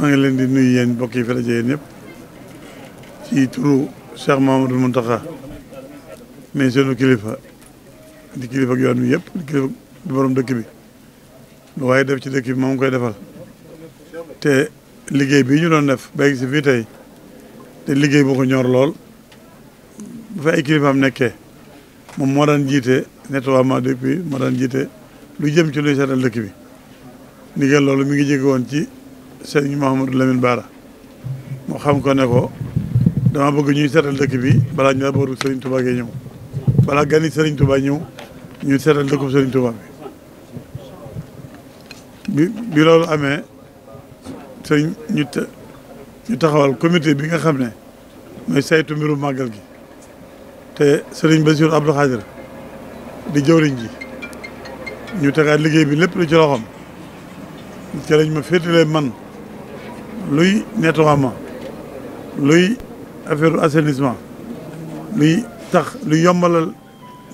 maa ngi leen di nuyu yéen mbokk yi fi rajo yéen ñëpp ci turu Cheikh Mahamadou Mountakha mais sunu kilifa di kilifa ak yoon wi yëpp di kilifa di borom dëkk bi lu waaye def ci dëkk bi moom koy defal te liggéey bii ñu doon def ba si fii tey te liggéey boo ko ñor lool bu fa ay kilifaam nekkee moom moo daan jiite nettoiement depuis moo daan jiite lu jëm ci luy seetal dëkk bi ndigal loolu mi ngi jóge woon ci sëriñ Mouhamadou Lamine Bara mu xam ko ne ko dama bëgg ñuy seetal dëkk bi balaa ñu la booru sëriñ Touba gee ñëw balaa gani sëriñ Touba ñëw ñuy seetal dëkkub sëriñ Touba bi bi amee sëriñ ñu taxawal comité bi nga xam ne mooy saytu mbiru màggal gi te sëriñ Bassirou Abdou Khadir di jëwriñ ji ñu tegaat liggéey bi lépp lu ci loxoom ci lañ ma féetalee man luy nettoiement luy affaire assainissement luy tax luy yombalal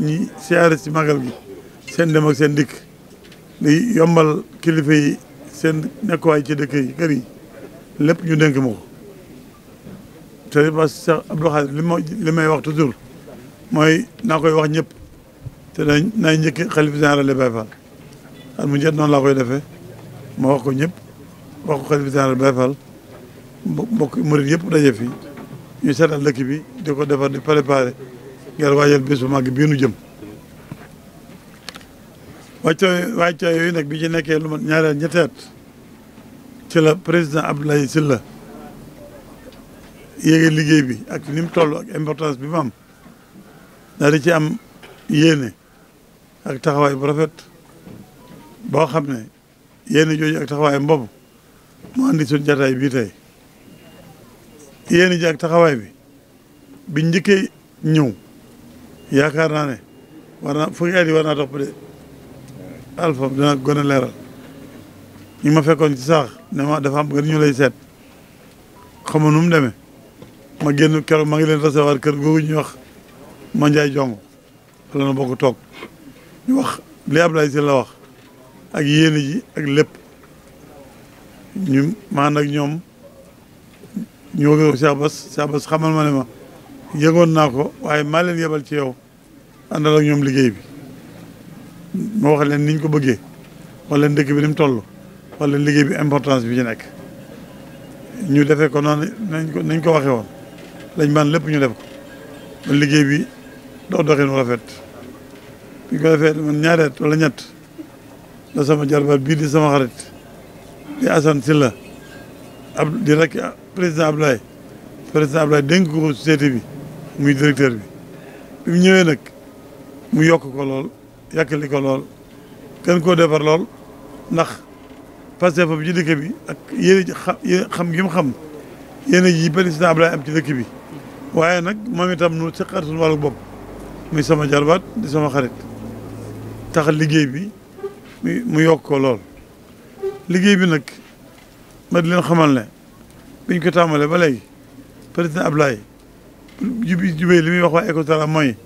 ñi siyaare ci magal gi seen dem seen dikk luy yombal kilifa yi seen nekkuwaay ci dëkk kër yi lépp ñu dénk ma ko te parce que Cheikh Abdou li may wax toujours mooy naa koy wax ñëpp te dañ naay njëkk xalif général Baye Fall at mu njët noonu laa koy defe ma wax ko ñëpp bokk xel bi daal Baay Faal mbokk murit yëpp daje fi ñu seetal dëkk bi di ko defar di préparé ngir waajal bés bu màgg bii nu jëm. wàccaay wàccaay yooyu nag bi ci nekkee lu mat ñaareel ñetteet ci la président Abdoulaye Sylla yéege liggéey bi ak ni mu ak importance bi mu am daal di ci am yéene ak taxawaayu bu rafet boo xam ne yéene jooju ak taxawaayam mbob mu andi suñ jataay bii tey yéen ji ak taxawaay bi bi njëkkee ñëw yaakaar naa ne war naa fukki war naa topp de alpha dina gën a leeral ñi ma fekkoon ci saax ne ma dafa am gën ñu lay seet xamu nu mu demee ma génn keroog ma ngi leen recevoir kër googu ñuy wax ma njaay jong fa la bokk toog ñu wax li Ablaye si la wax ak yéen ji ak lépp ñu maan ak ñoom ñu wëgg Cheikh Bass Cheikh Bass xamal ma ne ma yëgoon naa ko waaye maa leen yebal ci yow àndal ak ñoom liggéey bi ma wax leen niñ ko bëggee wax leen dëkk bi ni mu toll wax liggéey bi importance bi ci nekk ñu defee ko noonu nañ ko nañ ko waxee woon lañ lépp ñu def ko ba liggéey bi dox doxin wu rafet bi ko defee man ñaareel wala ñett la sama jarbaat bii di sama xarit di Assane la ab di rek président Abdoulaye président Abdoulaye dénk ko société bi muy directeur bi bi mu ñëwee nag mu yokk ko lool yàkkali ko lool gën koo defar lool ndax Pastef bi ci dëkk bi ak yéen a xam gi mu xam yéen ji président Abdoulaye am ci dëkk bi waaye nag moom itam nu seqaat suñu wàllu bopp muy sama jarbaat di sama xarit tax liggéey bi mu yokk ko lool liggéey bi nag ma di leen xamal ne biñ ko tàmbalee ba léegi président Ablaye jubi jubee li muy wax waa Ecotra mooy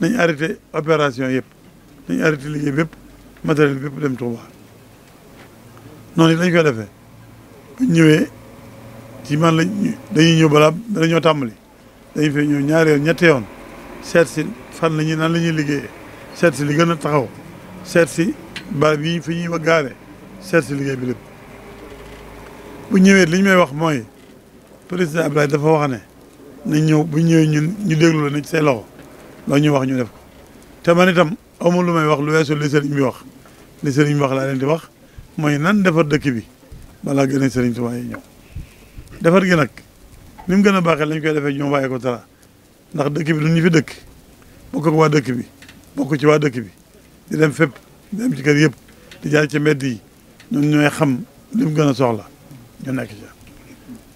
nañ arrêté opération yëpp nañ arrêté liggéey bépp matériel bépp dem Touba noonu it lañ koy defee buñ ñëwee ci man lañ dañuy ñëw balaa danañoo tàmbali dañuy fay ñëw ñaari yoon ñetti yoon seet si fan la ñuy nan la ñuy liggéeyee seet si li gën a taxaw seet si barab bi fi ñuy gaare seet si liggéey bi lépp bu ñëwee liñ may wax mooy président Abdoulaye dafa wax ne nañ ñëw bu ñëwee ñun ñu déglu la ne ci say loxo loolu wax ñu def te man itam amul lu may wax lu weesu li sëriñ bi wax li sëriñ bi wax laa leen di wax mooy nan defar dëkk bi balaa gën a sëriñ Tuubaa yi ñëw gi nag ni gën a baaxee lañ koy defee ñoom waaye ko tara ndax dëkk bi duñu fi dëkk bokk ak waa dëkk bi bokk ci waa dëkk bi di dem fépp di dem ci kër yëpp di jaar ci mbedd yi ñoom ñooy xam li gën a soxla ñu nekk ci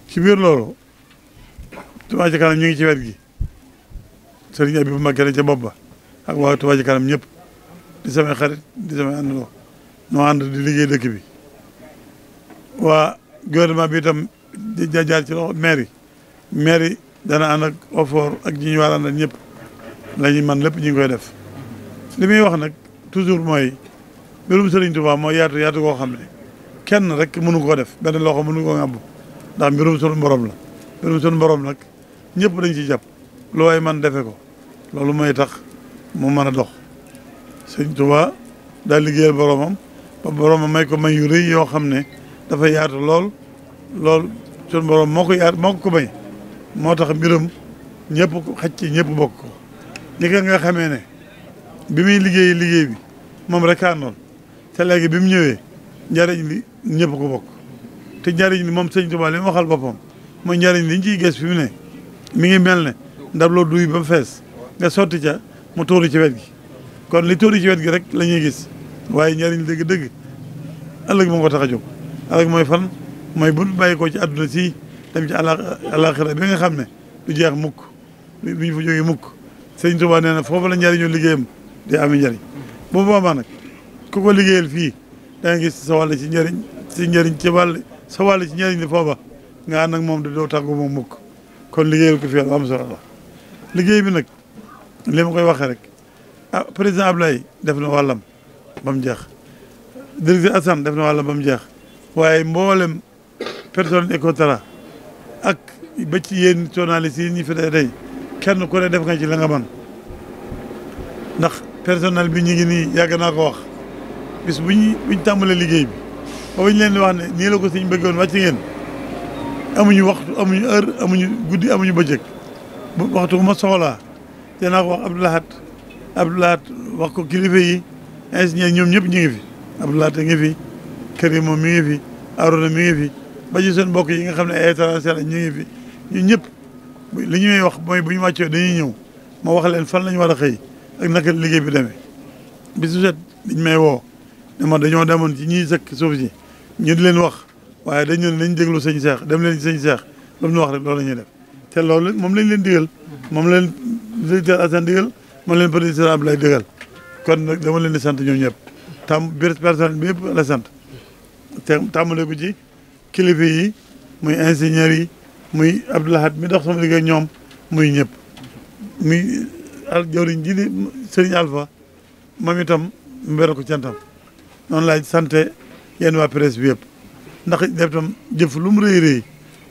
ci biir loolu Touba Kanam ñu ngi ci wet gi sëriñ Abibu Mbakke ne ca bopp ba ak waa Touba Ca Kanam ñëpp di samay xarit di samay àndandoo noo ànd di liggéey dëkk bi waa gouvernement bi itam jaar ci loxo maire yi maire yi dana ànd ak ofoor ak ñi ñu war ànd ak man lépp ñu ngi koy def li muy wax nag toujours mooy mbirum Serigne Touba moo yaatu yaatu koo xam ne kenn rekk mënu koo def benn loxo mënu koo ngàmb ndax mbirum sunu borom la mbirum sunu borom nag ñëpp dañ ci jàpp man defe ko loolu mooy tax mu mën a dox Serigne Touba daal liggéeyal boromam ba boromam may ko may yu rëy yoo xam ne dafa yaatu lool lool sunu borom moo ko yaatu moo ko may moo tax mbirum ñëpp xaj ci ñëpp bokk ko li nga xamee ne bi muy liggéey liggéey bi moom rek a àndoon te léegi bi mu ñëwee njariñ li ñëpp ko bokk te njariñ li moom sëñ Tuubaa li mu waxal boppam mooy njariñ li ñu ciy gis fi mu ne mi ngi mel ne ndax loo duy ba fees nga sotti ca mu tuuru ci wet gi kon li tuuru ci wet gi rek lañuy gis waaye njariñ dëgg-dëgg ëllëg tax a jóg ëllëg mooy fan mooy bu bàyyi ko ci àdduna si dem ci àllaaxira bi nga xam ne du jeex mukk du ñu fa jógee mukk sëñ Tuubaa nee na foofu la njariñoo liggéeyam di amee njariñ boobu boobaa nag ko liggéeyal fii da nga gis sa wàll ci njëriñ ci njëriñ ci wàll sa wàll ci njëriñ li foofa nga ànd moom da doo tàggu moom kon liggéeyal ko fii am solo la liggéey bi nag li ma koy waxee rek ah président Ablaye def na wàllam ba jeex directeur Assane def na wàllam ba mu jeex waaye mboolem personne Ecotra ak ba ci yéen journalistes yi ñu fi kenn ku ne def nga ci la nga mën ndax bi ñu ngi nii yàgg naa ko wax bis bu ñu bu liggéey bi ba ba ñu leen wax ne nii la ko sëñ bëggoon wàcc ngeen amuñu waxtu amuñu heure amuñu guddi amuñu bëccëg waxtu bu ma soxlaa dinaa ko wax Abdoulahat Abdoulahat wax ko kilifa yi ingénieur ñoom ñëpp ñu ngi fi Abdoulahat a ngi fi Karim moom mi ngi fi mi ngi ba ci mbokk yi nga xam ne ay ñu ngi fi ñuy wax mooy bu ñu wàccee dañuy ñëw ma wax leen fan la war a xëy ak naka liggéey bi demee bis set dañ may woo ne ma dañoo demoon ci ñiy sëkk suuf si ñu di leen wax waaye dañu ne nañ déglu sëñ Seex dem leen ci sëñ Seex lu mu wax rek loolu la ñuy def te loolu moom lañ leen digal moom leen directeur Assane digal moom leen président Abdoulaye digal kon nag dama leen di sant ñoom ñëpp tam biir personnel bi yëpp la sant te tàmbale ko ci kilifa yi muy ingénieurs yi muy Abdoulahat mi dox sama liggéey ñoom muy ñëpp muy al jawriñ ji di Sëriñ Alpha moom itam mu beral ko cantam noonu laay sant yéen waa presse bi yëpp ndax def tam jëf lu mu rëy rëy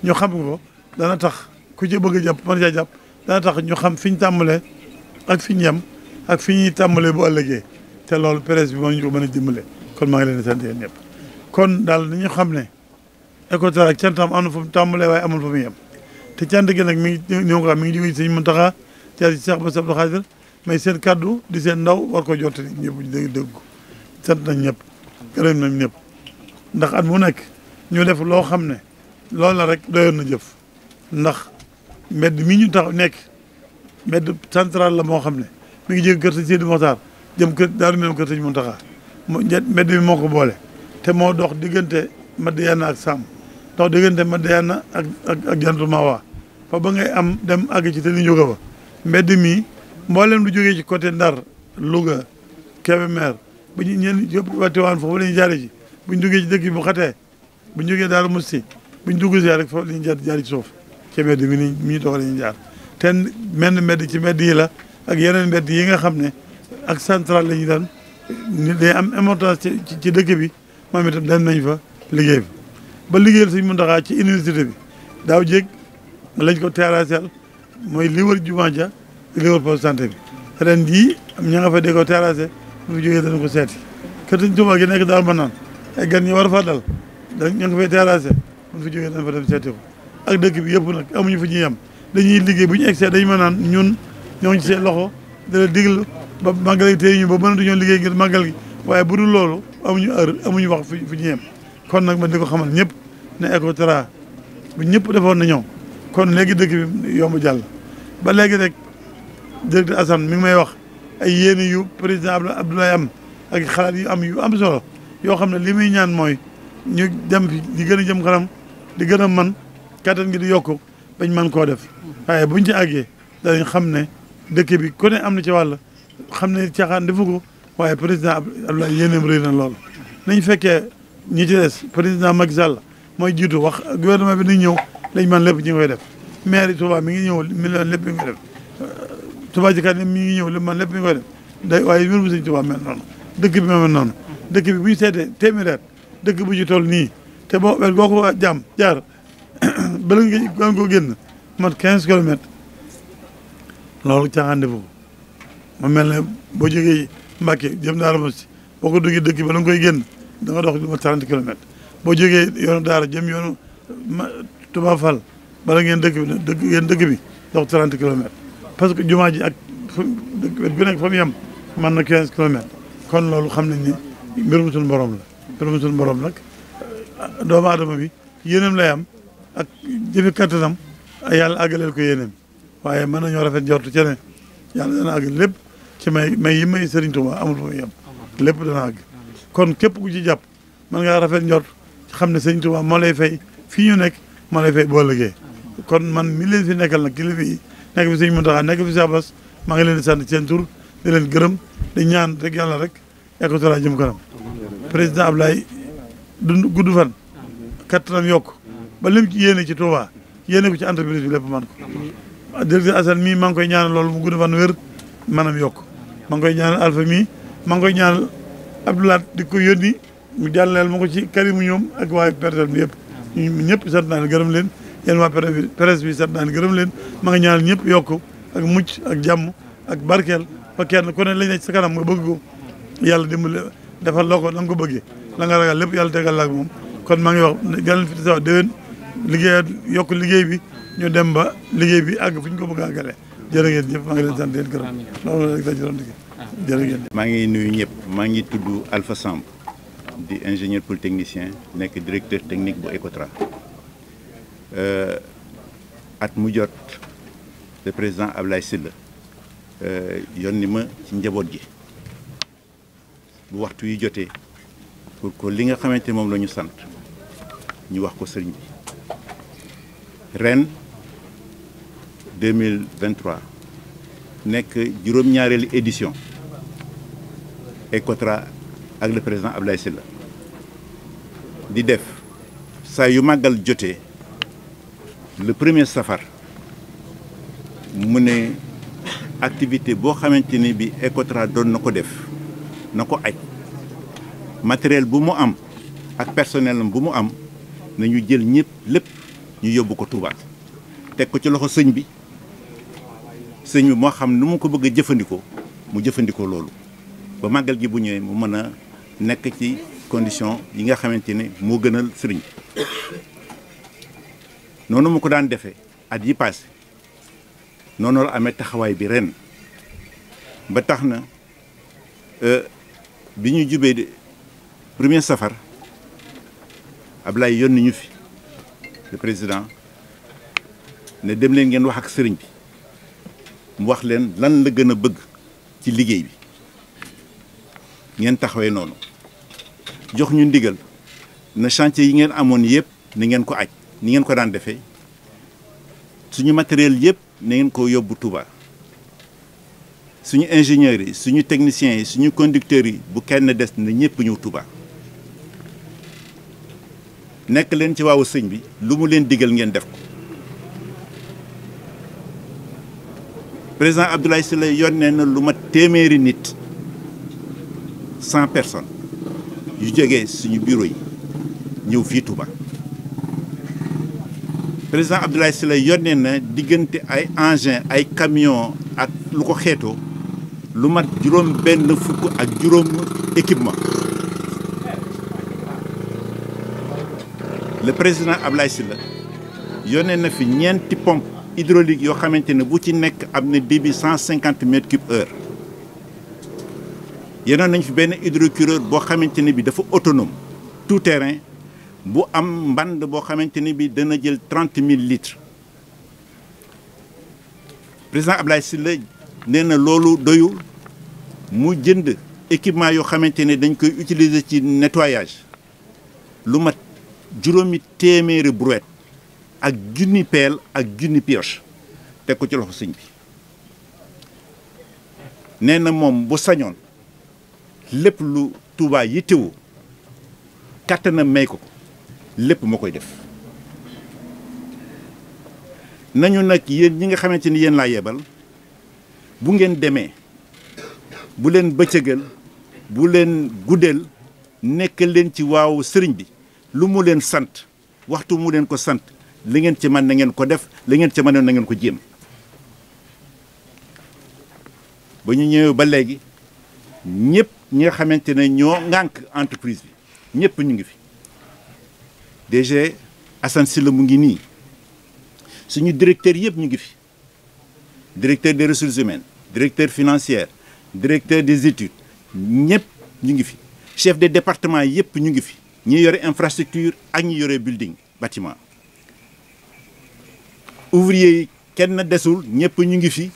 ñu xam ko dana tax ku ci bëgg a jàpp mën caa jàpp dana tax ñu xam fi ñu tàmbalee ak fi ñu yem ak fi ñuy tàmbalee bu ëllëgee te loolu presse bi moo ñu mën a dimbale kon maa ngi leen di sant ñëpp kon daal ñu xam ne Ecotra ak cantam am na fu mu tàmbalee waaye amul fu mu yem te cant gi nag mi ngi ñoo ko xam mi ngi jóge ci Sëñ Muntaxa jaar ci Seex Bass Abdou may seen kaddu di seen ndaw war ko jottali ñëpp ñu dégg sant nañ ñëpp gërëm nañ ñëpp ndax at mu nekk ñu def loo xam ne loolu la rek doyoon na jëf ndax mbedd mi ñu tax nekk mbedd central la moo xam ne mi ngi jëg kër sëñ Sidi Moxtaar jëm kër daaru mel kër sëñ Muntaxa mbedd mi moo ko boole te moo dox diggante Madiyaana ak Sàmm dox diggante Madiyaana ak ak ak Jantu Mawa fa ba ngay am dem àgg ci te ni jóge ba mbedd mi mboolem lu jógee ci côté Ndar Louga Kébémer bu ñu ñeen yëpp waa Tiwaawan foofu la ñuy jaare ji bu ñu duggee ci dëkk bi bu xatee bu ñu jógee Daaru Musti si rek la ñuy jaar jaari ci ñu doxalee ñu jaar te menn mbedd ci mbedd yi ak yeneen mbedd yi nga xam ne ak central la ñu daan day am importance ci ci dëkk bi moom itam dem nañ fa liggéey fa ba liggéeyal Sëñ Muntaxa ci université bi daaw jéeg lañ ko terrassel mooy li wër jumaa ja li wër poste santé bi ren jii ña fa dee ko terrassé mu jógee dana ko seeti kër Sëñ Tuubaa gi nekk daal mën naan ay gan ñi war faa dal da ña ngi fay terrassé mun fi jógee dana fa dem seeti ko ak dëkk bi yëpp nag amuñu fi ñuy yem dañuy liggéey bu ñu egsee dañu mën naan ñun ñoo ngi ci seen loxo dala digl ba màggal gi tey ñu ba mën a duñoo liggéey ngir màggal gi waaye bu dul loolu amuñu amuñu wax fi ñu yem kon nag man di ko xamal ñëpp ne Ecotra bu ñëpp defoon na ñoom kon léegi dëkk bi yomb jàll ba léegi rek directeur Assane mi ngi may wax ay yéene yu président Abdoulaye am ak xalaat yu am yu am solo yoo xam ne li muy ñaan mooy ñu dem fi di gën a jëm kanam di gën a man kattan gi di yokk bañ man koo def waaye buñ ci àggee danañ xam ne dëkk bi ku ne am na ci wàll xam ne caaxaan defu ko waaye président Abdoulaye yéeneem rëy na lool nañ fekkee ñu ci des président Macky Sall mooy jiitu wax gouvernement bi nañ ñëw lañ man lépp ñu ngi koy def maire Touba mi ngi ñëw million lépp mi ngi koy def Touba Ca Kanam mi ngi ñëw li man lépp mi ngi koy def day waaye mbir mu sëñ Touba mel noonu dëkk bi ma mel noonu dëkk bi bu ñu seetee téeméeri at dëkk bu ci toll nii te boo wet boo ko jàmm jaar bala nga ko génn mat 15 kilomètres loolu caaxaan defu ma mel ne boo jógee Mbacke jëm Daara Moussa boo ko duggee dëkk bala nga koy génn da nga dox lu mat boo jógee yoonu Daara jëm yoonu Touba ngeen dëkk bi dëkk ngeen dëkk parce que jumaa ji ak wet gu nekk fa mu yem na 15 kon loolu xam nañ ni mbirum suñu borom la mbirum suñu borom nag ah, doomu aadama bi yéenam lay am ak jëfe kattanam yàlla àggaleel ko yéenam waaye mën nañoo rafet jortu ci ne yàlla dana àgg lépp ci may may Sëriñ Tuuba amul fa lépp dana àgg kon képp ku ci jàpp mën ngaa rafet njort xam ne Sëriñ Tuuba moo lay fay fii ñu nekk moo lay fay boo liggéey kon man mi fi nekkal nag kilifa nekk fi sëñ Muntaxa nekk fi maa ngi leen di sant seen tur di leen gërëm di ñaan rek yàlla rek Ecotra jëm kanam président Ablaye dund gudd fan kattanam yokk ba lim ci yéene ci Touba yéene ko ci entreprise bi lépp man ko directeur Assane mii maa ngi koy ñaan lool mu gudd fan wér maanaam yokk maa ngi koy ñaanal Alpha mii maa ngi koy ñaanal Abdoulaat di ko yónni mu jàllaleel ma ko ci Karimu ñoom ak waaye pertel bi yëpp ñu ñëpp sant naa leen gërëm leen yéen waa presse bi sant naan gërëm leen maa ngi ñaanal ñëpp yokk ak mucc ak jàmm ak barkeel ba kenn kon ne lañ ne ci sa kanam nga bëgg ko yàlla dimbale defal loo ko na nga ko bëggee la nga ragal lépp yàlla tegal la moom kon maa ngi wax gàllin fi liggéey yokk liggéey bi ñu dem ba liggéey bi àgg fu ñu ko bëgg a àggale jërë ngeen ñëpp maa ngi leen sant leen gërëm loolu rek la ci maa ngi nuyu ñëpp maa ngi tudd Alpha Samb di ingénieur polytechnicien nekk directeur technique bu Ecotra Euh, at mu jot le président la Sylla euh, yónni ma ci njaboot gi bu waxtu yi jotee pour que li nga xamante moom la ñu sant ñu wax ko sëriñ bi ren 2023 nekk juróom-ñaareelu édition ECOTRA ak le président Ablaye la di def saa yu màggal jotee le premier safar mu ne activité boo xamante ni bi Ecotra doon na ko def na ko aj matériel bu mu am ak personnel bu mu am nañu jël ñëpp lépp ñu yóbbu ko Touba teg ko ci loxo sëñ bi sëñ bi moo xam nu mu ko bëgg a jëfandikoo mu jëfandikoo loolu ba màggal gi bu ñëwee mu mën a nekk ci condition yi nga xamante ne moo gënal sëriñ noonu mu ko daan defee at yi passé noonu la amee taxawaay bi ren ba tax na euh, bi ñu jubee premier safar Ablaye yónni ñu fi le président ne dem ngeen wax ak sëriñ bi mu wax leen lan la gën a bëgg ci liggéey bi ngeen taxawee noonu jox ñu ndigal na chantier yi ngeen amoon yëpp ni ngeen ko aj ni ngeen ko daan defee suñu matériel yëpp na ngeen ko yóbbu Touba suñu ingénieurs yi suñu techniciens yi suñu conducteurs yi bu kenn des na ñëpp ñëw Touba nekk leen ci waawu sëñ bi lu mu leen diggal ngeen def ko président Abdoulaye Sylla yónnee na lu ma téeméeri nit cent personnes yu jege suñu bureau yi ñëw fii tubaa président Abdoulaye Sylla yónnee na diggante ay engin ay camion ak lu ko xeetoo lu mat juróom benn fukk ak juróom équipement le président Abdoulaye Sylla yónnee na fi ñeenti pompe hydraulique yoo xamante ne bu ci nekk am na débit cent cinquante mètres cube heure yenoon nañ fi benn hydrocureur boo xamante ne bi dafa autonome tout terrain bu am mband boo xamante ni bi dana jël trente mille litres président Ablaye Sylla nee na loolu doyul mu jënd équipement yoo xamante ne dañ koy utiliser ci nettoyage lu mat juróomi téeméeri brouette ak junni pelle ak junni pioche teg ko ci loxo sëñ bi nee na moom bu sañoon lépp lu Touba yittewoo kàttanam may ko ko lépp moo koy def nañu nag yéen ñi nga xamante ni yéen laa yebal bu ngeen demee bu leen bëccëgal bu leen guddeel nekk leen ci waaw sëriñ bi lu mu leen sant waxtu mu leen ko sant li ngeen ci mën na ngeen ko def li ngeen ci mën na ngeen ko jéem ba ñu ñëwee ba léegi ñëpp ñi nga xamante ne ñoo ŋànk entreprise bi ñëpp ñu ngi fi DG Assane Sylla mu ngi nii suñu directeur yëpp ñu ngi fi directeur de ressources humaines directeur financier directeur des études ñëpp ñu ngi fi chef de département yëpp ñu ngi fi ñu yore infrastructure ak ñu yore building bâtiment ouvrier yi kenn desul ñëpp ñu ngi fi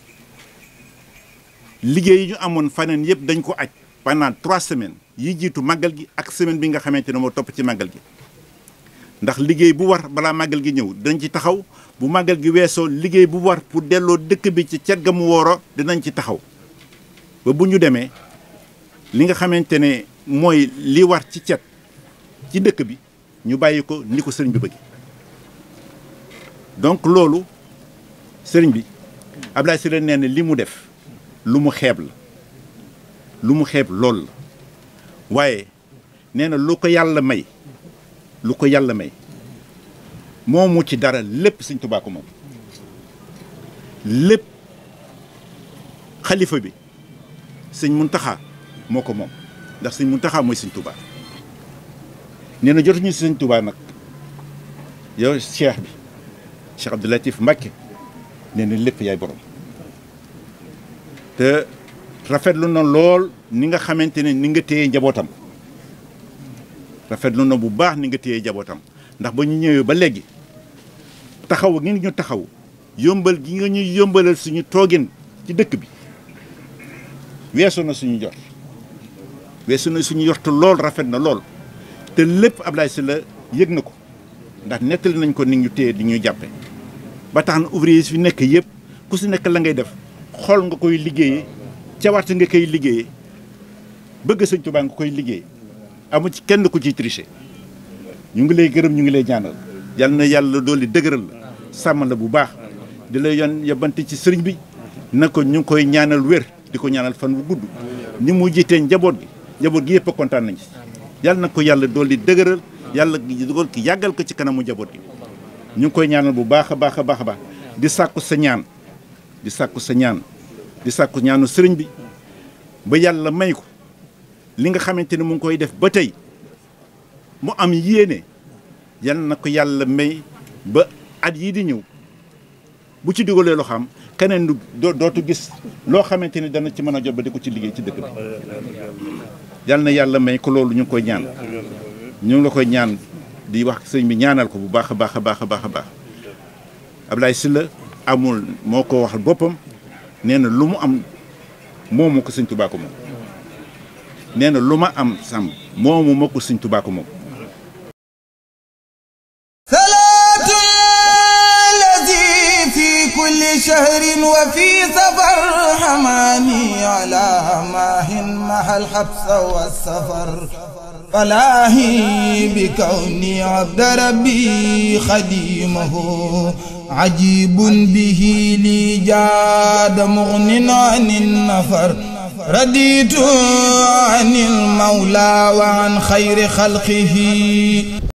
liggéey yi ñu amoon faneen yëpp dañ ko aj pendant trois semaines yi jiitu màggal gi ak semaine bi nga xamante ne moo topp ci màggal gi ndax liggéey bu war balaa màggal gi ñëw dinañ ci taxaw bu màggal gi weesoo liggéey bu war pour delloo dëkk bi ci cet ga mu wooro dinañ ci taxaw ba bu ñu demee li nga xamante ne mooy li war ci cet ci dëkk bi ñu bàyyi ko ni ko sëriñ bi bëgg donc loolu sëriñ bi Abdoulaye Sylla nee na li mu def lu mu xeeb la lu mu xeeb lool la waaye nee na lu ko yàlla may lu ko yàlla may moomu ci dara lépp sëñ Tuubaa ko moom lépp xalifa bi sëñ taxaa moo ko moom ndax sëñ Muntaxa mooy sëñ Tuubaa nee na jotuñu si sëñ Tuubaa nag yow cheikh bi Cheikh Abdou Latif Mbacke nee na lépp yaay borom te rafet rafetlu na lool ni nga xamante ne ni nga téye njabootam rafetlu na bu baax ni nga téye jabootam ndax ba ñu ñëwee ba léegi taxaw ni ñu taxaw yombal gi nga ñuy yombalal suñu toogin ci dëkk bi weesu na suñu jot weesu na suñu yortu lool rafet na lool te lépp Ablaye la yëg na ko ndax nettali nañ ko ni ñu téye di ñuy jàppe ba tax na ouvrier fi nekk yëpp ku si nekk la ngay def xool nga koy liggéeyee cawarte nga koy liggéeyee bëgg sëñ Tuubaa nga koy liggéey amu ci kenn ku ciy tricher ñu ngi lay gërëm ñu ngi lay ñaanal yal na yàlla dool di la sàmm la bu baax di lay yon yabante ci sëriñ bi na ko ñu ngi koy ñaanal wér di ko ñaanal fan bu gudd ni mu jiitee njaboot gi njaboot gi yëpp kontaan nañ ci yàlla na ko yàlla dool di dëgëral yàlla dogal ki yàggal ko ci kanamu njaboot gi ñu ngi koy ñaanal bu baax a baax a baax a baax di sàkku sa ñaan di sàkku sa ñaan di sàkku ñaanu sëriñ bi ba yàlla may ko li nga xamante ni mu ngi koy def ba tey mu am yéene yal na ko yàlla may ba at yii di ñëw bu ci dugalee loo xam keneen du dootu gis loo xamante ni dana ci mën a jot ba di ko ci liggéey ci dëkk bi yal na yàlla may ko loolu ñu ngi koy ñaan ñu la koy ñaan di wax sëñ bi ñaanal ko bu baax a baax a baax a baax a baax Ablaye Sylla amul moo ko wax boppam nee na lu mu am moomu ko sëñ Tuubaa nee na lu ma am sàmm moomu ma ko Sëñ Tuubaa ko moom salaatu lazi fi kulli shahrin wa fi safar hamani ala mahin mahal habsa wa safar falaahi bi kawni abda rabbi xadimahu ajibun bihi li jaada mugnin anin nafar raditu anil mawla wa an xayri xalqihi